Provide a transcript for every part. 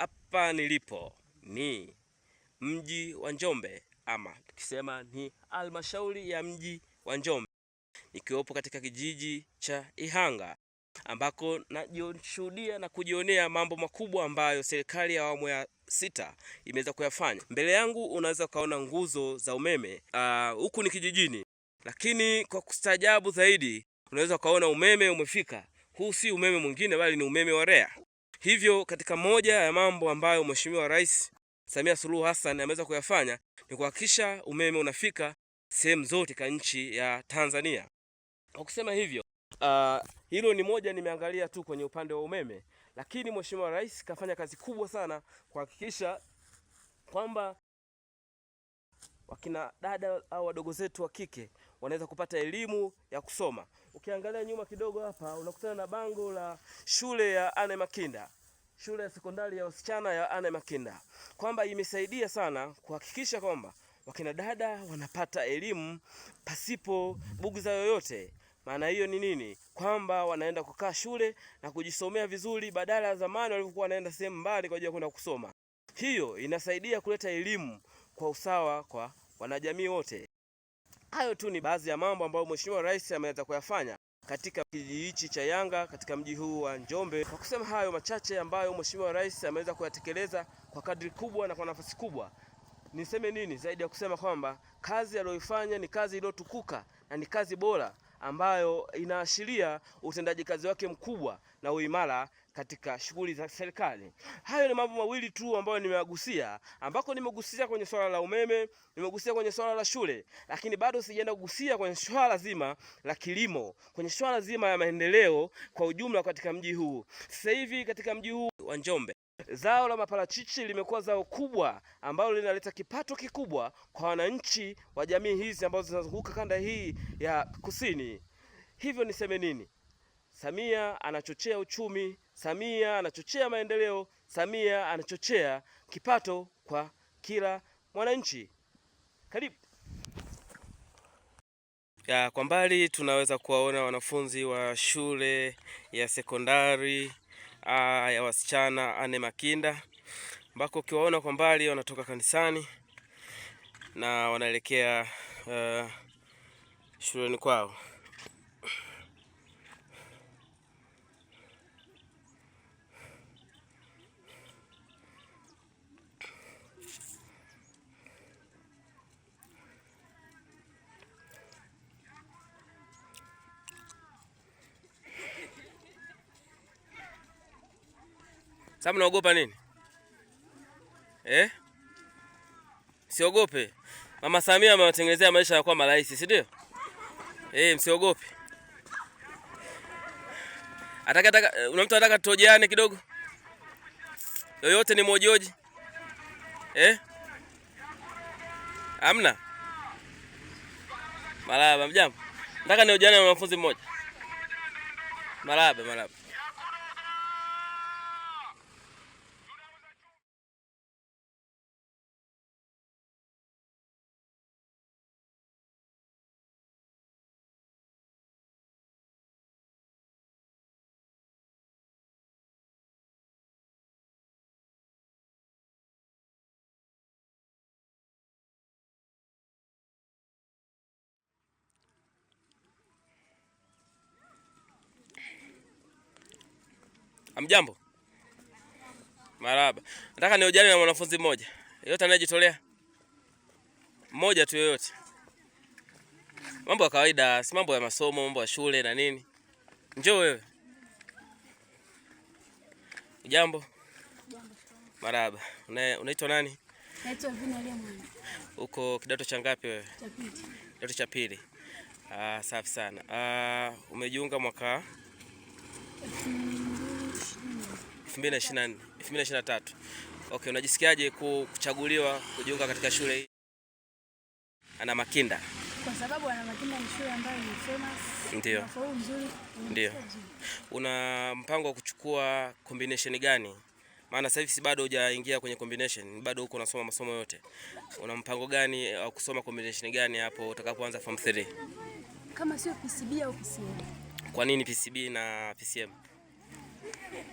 hapa nilipo ni mji wa Njombe ama tukisema ni halmashauri ya mji wa Njombe, nikiwepo katika kijiji cha Ihanga ambako najishuhudia na kujionea mambo makubwa ambayo serikali ya awamu ya sita imeweza kuyafanya. Mbele yangu unaweza ukaona nguzo za umeme ah, huku, uh, ni kijijini, lakini kwa kustaajabu zaidi unaweza ukaona umeme umefika. Huu si umeme mwingine bali ni umeme wa REA. Hivyo katika moja ya mambo ambayo Mheshimiwa Rais Samia Suluhu Hassan ameweza kuyafanya ni kuhakikisha umeme unafika sehemu zote ka nchi ya Tanzania. Kwa kusema hivyo, uh, hilo ni moja nimeangalia tu kwenye upande wa umeme, lakini Mheshimiwa Rais kafanya kazi kubwa sana kuhakikisha kwamba wakina dada au wadogo zetu wa kike wanaweza kupata elimu ya kusoma. Ukiangalia nyuma kidogo hapa unakutana na bango la shule ya Anne Makinda, shule ya sekondari ya wasichana ya Anne Makinda, kwamba imesaidia sana kuhakikisha kwamba wakina dada wanapata elimu pasipo bugza yoyote. Maana hiyo ni nini? Kwamba wanaenda kukaa shule na kujisomea vizuri, badala ya zamani walivyokuwa wanaenda sehemu mbali kwa ajili ya kwenda kusoma. Hiyo inasaidia kuleta elimu kwa usawa kwa wanajamii wote. Hayo tu ni baadhi ya mambo ambayo Mheshimiwa Rais ameweza kuyafanya katika kijiji hichi cha Yanga katika mji huu wa Njombe. Kwa kusema hayo machache ambayo Mheshimiwa Rais ameweza kuyatekeleza kwa kadri kubwa na kwa nafasi kubwa, niseme nini zaidi ya kusema kwamba kazi aliyoifanya ni kazi iliyotukuka na ni kazi bora ambayo inaashiria utendaji kazi wake mkubwa na uimara katika shughuli za serikali. Hayo ni mambo mawili tu ambayo nimewagusia ambako nimegusia kwenye swala la umeme, nimegusia kwenye swala la shule, lakini bado sijaenda kugusia kwenye swala zima la kilimo, kwenye swala zima ya maendeleo kwa ujumla katika mji huu. Sasa hivi katika mji huu wa Njombe zao la maparachichi limekuwa zao kubwa ambalo linaleta kipato kikubwa kwa wananchi wa jamii hizi ambazo zinazunguka kanda hii ya kusini. Hivyo niseme nini? Samia anachochea uchumi, Samia anachochea maendeleo, Samia anachochea kipato kwa kila mwananchi. Karibu. Ya, kwa mbali tunaweza kuwaona wanafunzi wa shule ya sekondari aa, ya wasichana Anne Makinda ambako ukiwaona kwa mbali wanatoka kanisani na wanaelekea uh, shuleni kwao. Sasa mnaogopa nini eh? Msiogope, Mama Samia amewatengenezea maisha yakuwa marahisi, si ndio? Eh, msiogope. Ataka una mtu anataka tutojeane kidogo, yoyote ni mojoji eh? Amna maraba mjambo, nataka niojeane na mwanafunzi mmoja maraba maraba Amjambo. Maraba. Nataka niojane na mwanafunzi mmoja. Yote anayejitolea. Mmoja tu yoyote. Mambo ya kawaida, si mambo ya masomo, mambo ya shule na nini. Njoo wewe. Jambo. Maraba. Unaitwa nani? Naitwa Vina Lemon. Uko kidato cha ngapi wewe? Cha pili. Kidato cha pili. Ah, safi sana. Ah, umejiunga mwaka 2024 2023. Okay, unajisikiaje kuchaguliwa kujiunga katika shule hii Ana Makinda? Kwa sababu Ana Makinda ni shule ambayo ni famous. Ndio. Ndio. Una mpango wa kuchukua combination gani? Maana sasa hivi bado hujaingia kwenye combination, bado huko unasoma masomo yote. Una mpango gani wa uh, kusoma combination gani hapo utakapoanza form 3? Kama sio PCB au PCM. Kwa nini PCB na PCM?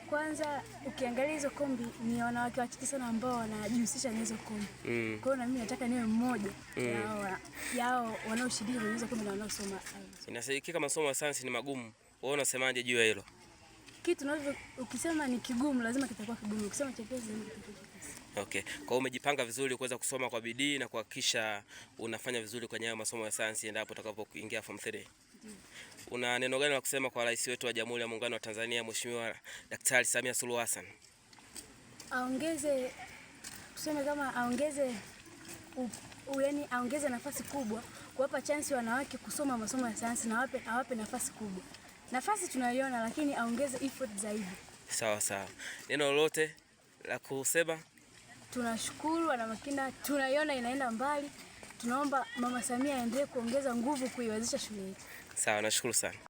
Kwanza ukiangalia hizo kombi ni wanawake wachache sana ambao wanajihusisha na hizo kombi. Mm. Kwa hiyo na mimi nataka niwe mmoja mm. yao wanaoshiriki kwenye hizo kombi na wanaosoma. Inasadikika masomo ya sayansi ni magumu. Wewe unasemaje juu ya hilo? Kitu unavyo ukisema ni kigumu lazima kitakuwa kigumu. Ukisema chepesi lazima kitakuwa Okay. Kwa hiyo umejipanga vizuri kuweza kusoma kwa bidii na kuhakikisha unafanya vizuri kwenye hayo masomo ya sayansi endapo utakapoingia form 3. Una neno gani la kusema kwa rais wetu wa Jamhuri ya Muungano wa Tanzania Mheshimiwa Daktari Samia Suluhu Hassan? Aongeze tuseme kama aongeze yaani aongeze nafasi kubwa kuwapa chansi wanawake kusoma masomo ya sayansi na wape awape nafasi kubwa. Nafasi tunaiona lakini aongeze effort zaidi. Sawa sawa. Neno lolote la kusema? Tunashukuru wana Makina, tunaiona inaenda mbali. Tunaomba Mama Samia aendelee kuongeza nguvu kuiwezesha shule yetu. Sawa, nashukuru sana.